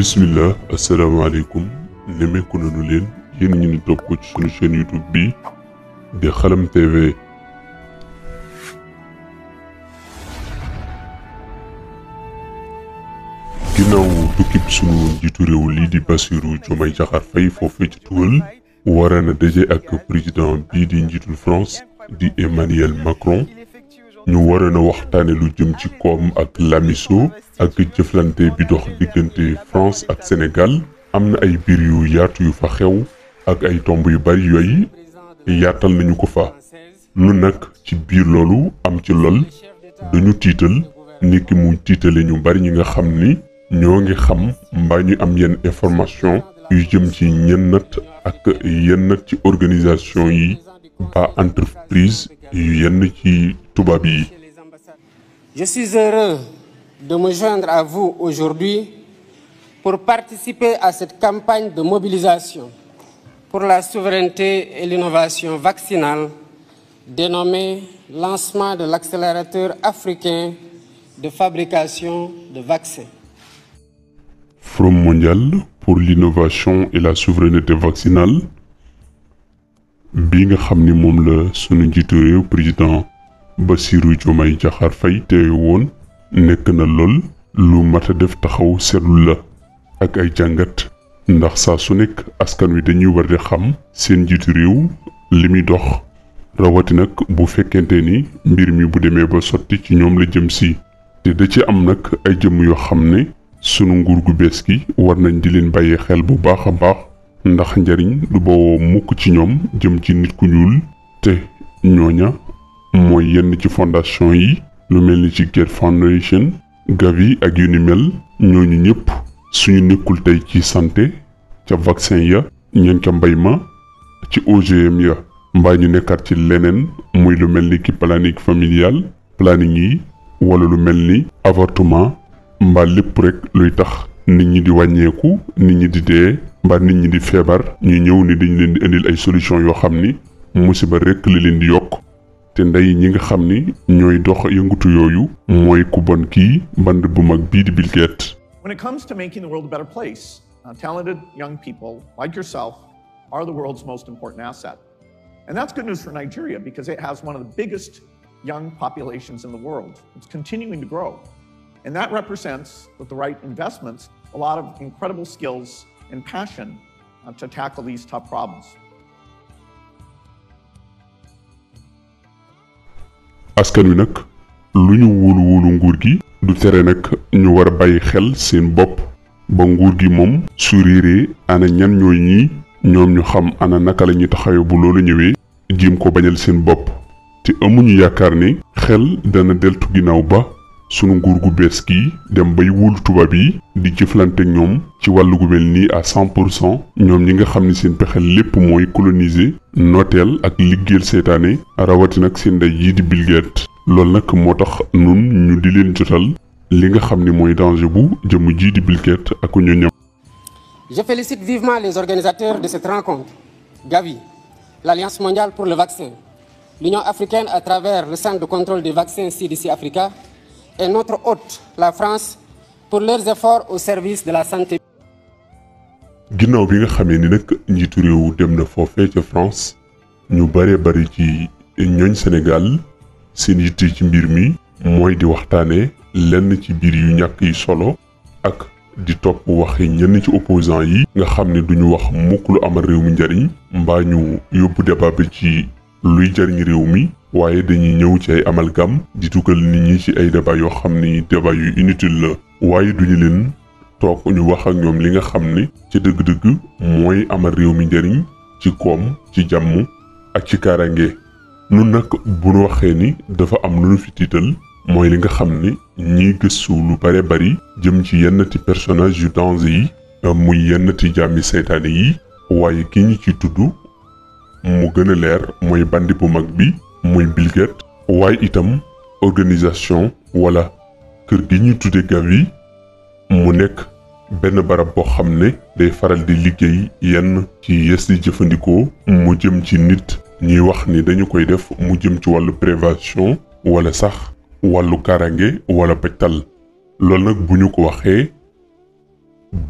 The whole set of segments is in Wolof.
bismillah asalaamaaleykum nemmeeku nañu leen yéen ñu topp ko ci sunu chaîne YouTube bi di Xalam TV ginnaaw tukkib sunu njiitu réew lii di Bassirou Diomaye Diakhar Faye foofee ci tugal wara na daje ak président bii di njiitul France di Emmanuel Macron ñu waroon a waxtaane lu jëm ci koom ak lamiso ak jëflante bi dox diggante France ak Sénégal am na ay biir yu yaatu yu fa xew ak ay tomb yu bari yooyu yaatal nañu ko fa lu nag ci biir loolu am ci lol dañu tiital nit ki mu tiitale ñu bari ñi nga xam ni ñoo ngi xam mbaa ñu am yenn information yu jëm ci ñennat ak yennat ci organisation yi à entreprise Je suis heureux de me joindre à vous aujourd'hui pour participer à cette campagne de mobilisation pour la souveraineté et l'innovation vaccinale dénommée Lancement de l'accélérateur africain de fabrication de vaccins. Front mondial pour l'innovation et la souveraineté vaccinale bi nga xam ni moom la sunu njiitu réew président Bassirou Diomaye Diakhar Faye teewe woon nekk na lool lu mat def taxaw seetlu la ak ay jàngat ndax saa su nekk askan wi dañuy war di xam seen njiitu réew li muy dox rawati nag bu fekkente ni mbir mi bu demee ba sotti ci ñoom la jëm si te da ci am nag ay jëm yoo xam ne sunu nguur gu bees gi war nañ di leen bàyyi xel bu baax a baax ndax njariñ du bawoo mukk ci ñoom jëm ci nit ku ñuul te ñooña mooy yenn ci fondation yi lu mel ni ci Gates Foundation Gavi ak yu ni mel ñooñu ñëpp suñu nekkul tey ci santé ca vaccin ya ñeen ca mbay ma ci OGM ya mbaa ñu nekkaat ci leneen muy lu mel ni ki planning familial planning yi wala lu mel ni avortement mbaa lépp rek luy tax nit ñi di nit ñi di dee nit ñi di feebar ñu ñëw ni dañ leen di indil ay solution yoo xam ni musiba li leen di yokk te ñi nga xam ni ñooy dox yëngutu yooyu mooy ku bon kii bu mag bii di When it comes to making the world a better place, uh, talented young people like yourself are the world's most important asset. And that's good news for Nigeria because it has one of the biggest young populations in the world. It's continuing to grow. And that represents, with the right investments, a lot of incredible skills and passion uh, to tackle these tough problems. askan wi nag lu ñu wóolu wóolu nguur gi du tere nag ñu war a bàyyi xel seen bopp ba nguur gi moom su réeree ana ñan ñooy ñii ñoom ñu xam ana naka la ñuy bu loolu ñëwee jéem ko bañal seen bopp te amuñu yaakaar ne xel dana deltu ginnaaw ba sunu nguur gu bees gi dem bay wóolu tuba bi di jëflante ñoom ci wàllu gu mel nii à 100 pour cent ñoom ñi nga xam ni seen pexe lépp mooy coloniser nooteel ak liggéeyal seytaane rawatina ak seen day di Bill loolu nag moo tax nun ñu di leen jotal li nga xam ni mooy danger bu jëmu di Bill ak ñu ñoñam. Je félicite vivement les organisateurs de cette rencontre Gavi l'Alliance mondiale pour le vaccin l'Union africaine à travers le centre de contrôle des vaccins CDC Africa et notre hôte, la France, pour leurs efforts au service de la santé. ginnaw bi nga xamé ni nak njiitu réew dem na fofé ci France ñu bari bari ci ñooñ Sénégal seen yitte ci mbir mi moy di waxtané lenn ci bir yu ñàkk yi solo ak di topp waxi ñenn ci opposant yi nga xamné duñu wax mukk lu amal réew mi njariñ mbaa ñu débat bi ci luy jariñ réew mi waaye dañuy ñëw ci ay amalgame di tukkal nit ñi ci ay débat yoo xam ni débat yu inutile la waaye duñu leen toog ñu wax ak ñoom li nga xam ni ci dëgg-dëgg mooy amal réew mi njariñ ci koom ci jàmm ak ci kaaraange nun nag bu nu waxee ni dafa am lu nu fi tiital mooy li nga xam ni ñiy gëstu lu bare bari jëm ci yenn ti personnage yu danger yi muy yenn ti jàmmi seytaane yi waaye ki ñu ci tudd mu gën leer mooy bandi bu mag bi mwen bilget, waj item, organizasyon, wala, kyr genyoutou de gavi, mwonek, ben nabara bok hamne, dey faral di ligye yen ki yes di jefondiko, mwen jem ti nit, nye wak niden yon kway def, mwen jem ti wale prewasyon, wale sak, wale karange, wale petal. Lol nank bunyo kwa khe,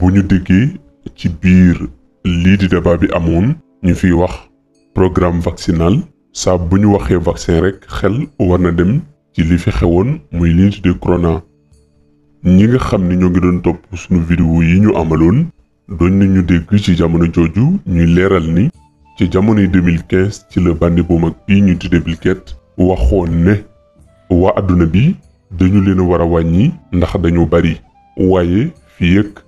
bunyo dege, ki bir lidi daba bi amoun, nye fi wak program vaksinal, saa bu ñu waxee vaccin rek xel war na dem ci li fi xewoon muy li ñu tuddee ñi nga xam ni ñoo ngi doon topp suñu vidéo yi ñu amaloon doon nañu dégg ci jamono jooju ñuy leeral ni ci jamonoy 2015 ci la bandi bu mag bii ñu tuddee Bill Gates waxoon ne wa àdduna bi dañu leen war a wàññi ndax dañu bari waaye fii ak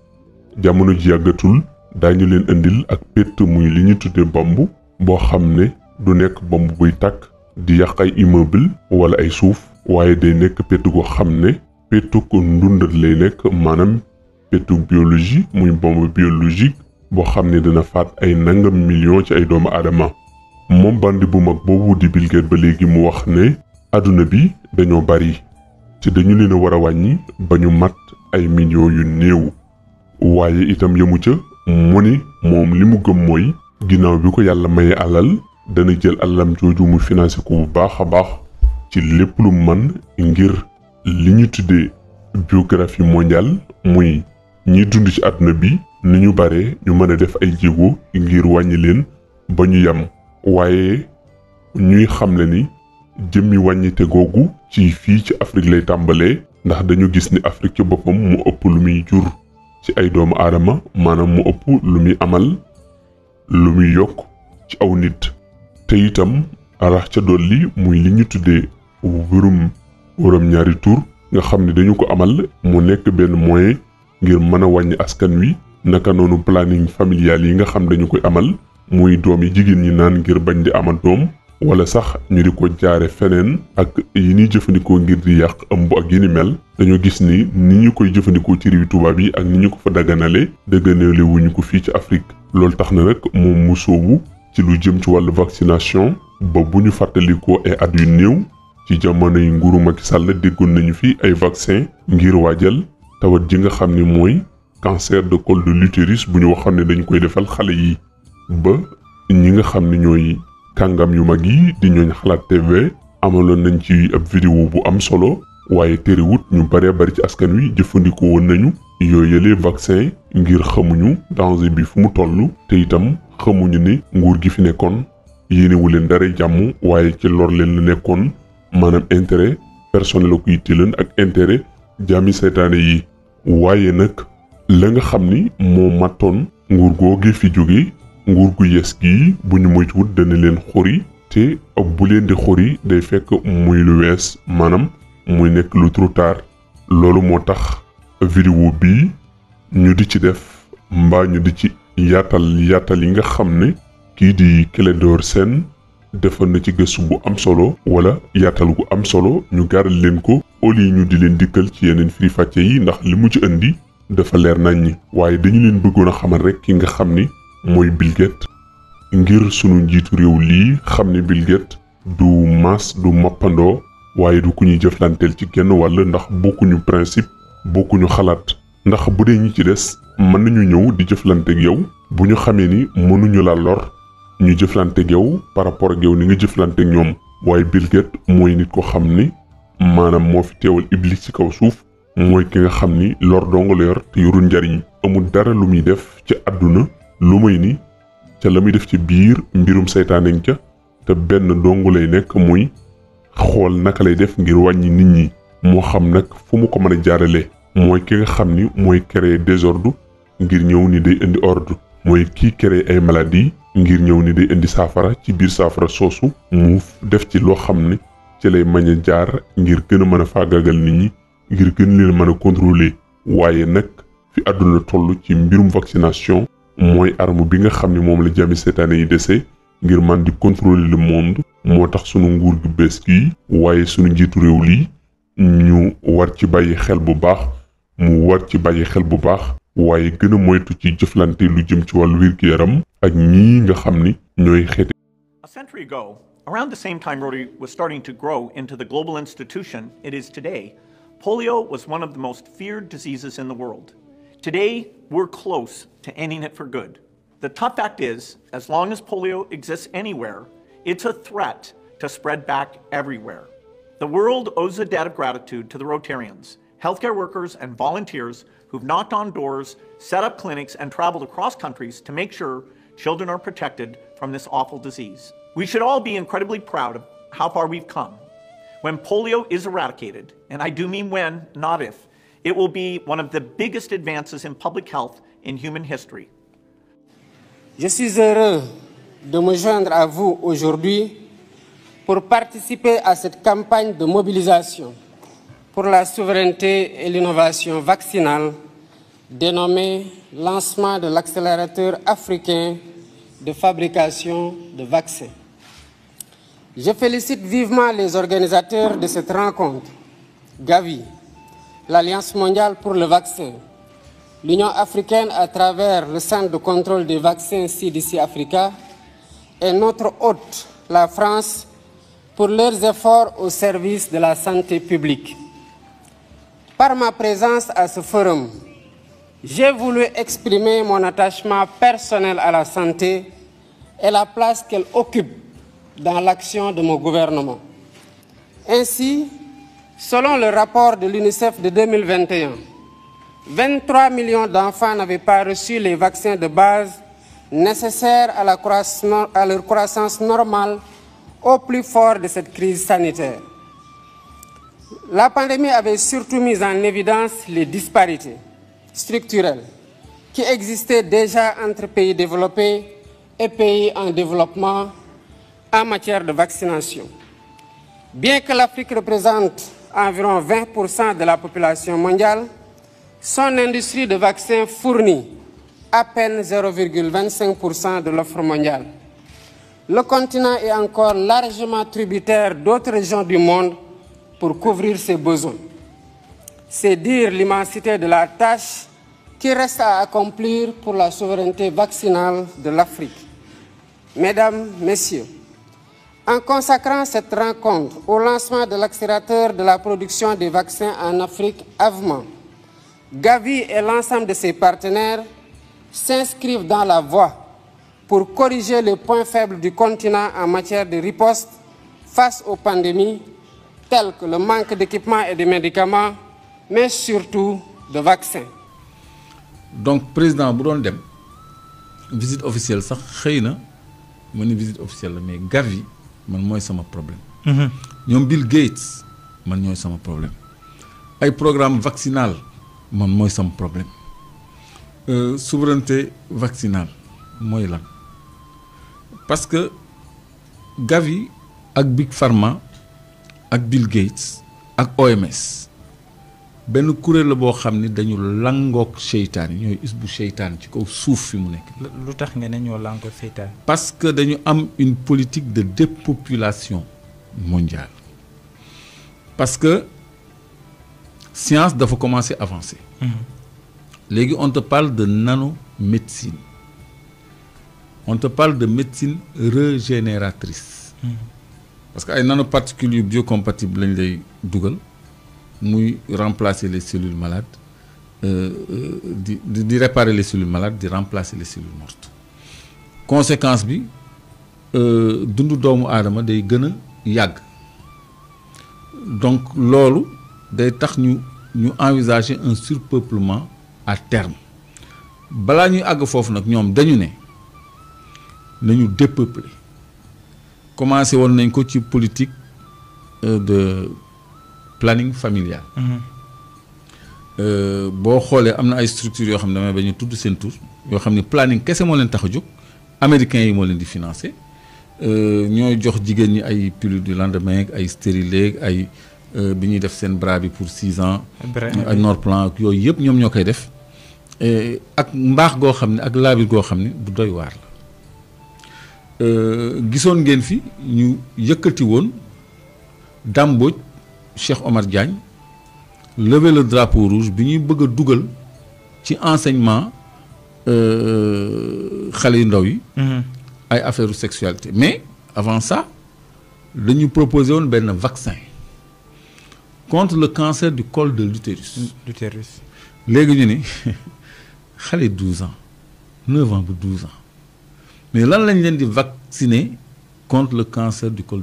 jamono ji yàggatul dañu leen indil ak pétt muy li ñu tuddee bomb boo xam ne du nekk bomb buy tàkk di yàq ay immeuble wala ay suuf waaye day nekk pétu goo xam ne pétu ko ndundat lay nekk maanaam pétu biologie muy bombe biologique boo xam ne dina faat ay nangam million ci ay doomu aadama moom bandi bu mag boobu di Bill ba léegi mu wax ne àdduna bi dañoo bari ci dañu leen a war a wàññi ba ñu mat ay millions yu néew waaye itam yemu ca mu ni moom li mu gëm mooy ginnaaw bi ko yàlla maye alal dana jël alalam jooju mu financé ko bu baax a baax ci lépp lu man ngir li ñu tuddee biographie mondiale muy ñi dund ci àdduna bi ni ñu bare ñu mën a def ay jigo ngir wàññi leen ba ñu yam waaye ñuy xamle ni jëmmi wàññite googu ci fii ci Afrique lay tàmbalee ndax dañu gis ni Afrique ci boppam mu ëpp lu muy jur ci ay doomu aadama maanaam mu ëpp lu muy amal lu muy yokk ci aw nit te itam arax ca dolli muy li ñu tuddee wërum wërum ñaari tur nga xam ne dañu ko amal mu nekk benn moyen ngir mën a wàññi askan wi naka noonu planning familial yi nga xam dañu koy amal muy doom yi jigéen ñi naan ngir bañ di amal doom wala sax ñu di ko jaare feneen ak yi ñuy jëfandikoo ngir di yàq ëmb ak yi ni mel dañoo gis ni ni ñu koy jëfandikoo ci réew tubaab yi ak ni ñu ko fa daganale dëgganale ñu ko fii ci Afrique loolu tax na nag moom mu soobu ci lu jëm ci wàllu vaccination ba bu ñu fàttalikoo ay at yu néew ci jamono yi nguuru Macky Sall déggoon nañu fi ay vaccin ngir waajal tawat ji nga xam ni mooy cancer de col de l'utérus bu ñu waxoon ne dañu koy defal xale yi ba ñi nga xam ne ñooy kàngam yu mag yi di ñooñ xalaat TV amaloon nañ ci ab vidéo bu am solo waaye terewut ñu baree bari ci askan wi jëfandikoo woon nañu yooyale vaccin ngir xamuñu danger bi fu mu toll te itam xamuñu ni nguur gi fi nekkoon yéenewu leen dara jàmm waaye ci lor leen lu nekkoon maanaam intérêt personnel ak yitte leen ak intérêt jaami seytaane yi waaye nag la nga xam ni moo mattoon nguur googi fi jóge nguur gu yes gii bu ñu moytuwut dana leen xori te bu leen di xori day fekk muy lu wees maanaam muy nekk lu trop tard loolu moo tax vidéo bii ñu di ci def mbaa ñu di ci yaatal yaatal yi nga xam ne kii di Clédor seen defal na ci gëstu bu am solo wala yaatal gu am solo ñu gaaral leen ko au lieu ñu di leen dikkal ci yeneen firi fàcce yi ndax li mu ci indi dafa leer naññ waaye dañu leen bëggoon a xamal rek ki nga xam ni mooy Bill ngir sunu njiitu réew lii xam ne Bill du mas du mappandoo waaye du ku ñuy jëflanteel ci genn wàll ndax bokkuñu principe bokkuñu xalaat ndax bu dee ñi ci des mën nañu ñëw di ak yow bu ñu xamee ni mënuñu la lor ñu ak yow par rapport ak yow ni nga ak ñoom waaye bill gate mooy nit ko xam ni maanaam moo fi teewal iblis ci kaw suuf mooy ki nga xam ni lor dong la yor te yorul njariñ amul dara lu muy def ci àdduna lu may ni ca la muy def ci biir mbirum seytaaneñ ca te benn dong lay nekk muy xool naka lay def ngir wàññi nit ñi moo xam nag fu mu ko mën jaarale mooy ki nga xam ni mooy créer désordre ngir ñëw ni day indi ordre mooy kii créer ay maladie ngir ñëw ni day indi saafara ci biir saafara soosu mu def ci loo xam ni ci lay mañ jaar ngir gën a mën a faagagal nit ñi ngir gën leen mën a contrôler waaye nag fi àdduna toll ci mbirum vaccination mooy arme bi nga xam ne moom la jàmmi seetaane yi dese ngir man di contrôler le monde moo tax sunu nguur gi bees gi waaye sunu njiitu réew lii ñu war ci bàyyi xel bu baax mu war ci xel bu baax a moytu ci jëflante lu jëm ci yaram ak nga A century ago, around the same time Rotary was starting to grow into the global institution it is today, polio was one of the most feared diseases in the world. Today, we're close to ending it for good. The tough fact is, as long as polio exists anywhere, it's a threat to spread back everywhere. The world owes a debt of gratitude to the Rotarians healthcare workers and volunteers who've knocked on doors, set up clinics, and traveled across countries to make sure children are protected from this awful disease. We should all be incredibly proud of how far we've come. When polio is eradicated, and I do mean when, not if, it will be one of the biggest advances in public health in human history. Je suis heureux de me joindre à vous aujourd'hui pour participer à cette campagne de mobilisation. pour la souveraineté et l'innovation vaccinale, dénommé Lancement de l'accélérateur africain de fabrication de vaccins. Je félicite vivement les organisateurs de cette rencontre, Gavi, l'Alliance mondiale pour le vaccin, l'Union africaine à travers le Centre de contrôle des vaccins CDC Africa et notre hôte, la France, pour leurs efforts au service de la santé publique. Par ma présence à ce forum, j'ai voulu exprimer mon attachement personnel à la santé et la place qu'elle occupe dans l'action de mon gouvernement. Ainsi, selon le rapport de l'UNICEF de 2021, 23 millions d'enfants n'avaient pas reçu les vaccins de base nécessaires à, à leur croissance normale au plus fort de cette crise sanitaire. La pandémie avait surtout mis en évidence les disparités structurelles qui existaient déjà entre pays développés et pays en développement en matière de vaccination. Bien que l'Afrique représente environ 20% de la population mondiale, son industrie de vaccins fournit à peine 0,25% de l'offre mondiale. Le continent est encore largement tributaire d'autres régions du monde pour couvrir ses besoins. C'est dire l'immensité de la tâche qui reste à accomplir pour la souveraineté vaccinale de l'Afrique. Mesdames, Messieurs, en consacrant cette rencontre au lancement de l'accélérateur de la production des vaccins en Afrique, AVMAN, Gavi et l'ensemble de ses partenaires s'inscrivent dans la voie pour corriger les points faibles du continent en matière de riposte face aux pandémies tel que le manque d'équipements et de médicaments, mais surtout de vaccins. donc président bu visite officielle ça xëy na visite officielle mais Gavi man mon sama problème. Mhm. Bill Gates man mon sama problème. ay programme vaccinal man mon sama problème euh, souveraineté vaccinale mon problème. parce que Gavi ak Big Pharma ak Bill Gates ak OMS ben kuréel la en train de dañu langoog seytaan yi ñooy is bu ci kaw suuf fi mu nekk. lu tax nga ne ñoo parce que dañu am une politique de dépopulation mondiale parce que science dafa commencer avancer. Mhm. légui on te parle de nanomédecine on te parle de médecine régénératrice. Mhm parce que ay nanoparticules yu biocompatible lañ lay dugal muy remplacer les cellules malades euh, euh, de réparer les cellules malades de remplacer les cellules mortes conséquence bi euh, dundu doomu aadama day gën a donc loolu day tax ñu ñu envisager un surpeuplement à terme balaa ñuy àgg foofu nag ñoom dañu ne dépeupler commencé à avoir une politique euh, de planning familial. Mhm. Euh, boo xoolee des structures qui de planning américains yi financé euh, jox lendemain ay ay def bras pour 6 ans. ay Norplan Plan, nous avons fait ñoo koy def ak mbaax goo ak euh, gisoon ngeen fi ñu yëkkati woon Dame Cheikh Omar Diagne lever le drapeau rouge bi ñuy bëgg a dugal ci enseignement euh, xale yu ndaw yi. Mm-hmm. ay affaire sexualité mais avant ça nous proposé woon benn vaccin contre le cancer du col de l'utérus. Mm, l'utérus léegi ñu ni 12 ans 9 ans ba 12 ans mais là, lañ leen di vacciner contre le cancer du col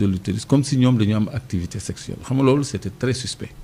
de l'utérus comme si ñoom dañu am activité sexuelle c'était très suspect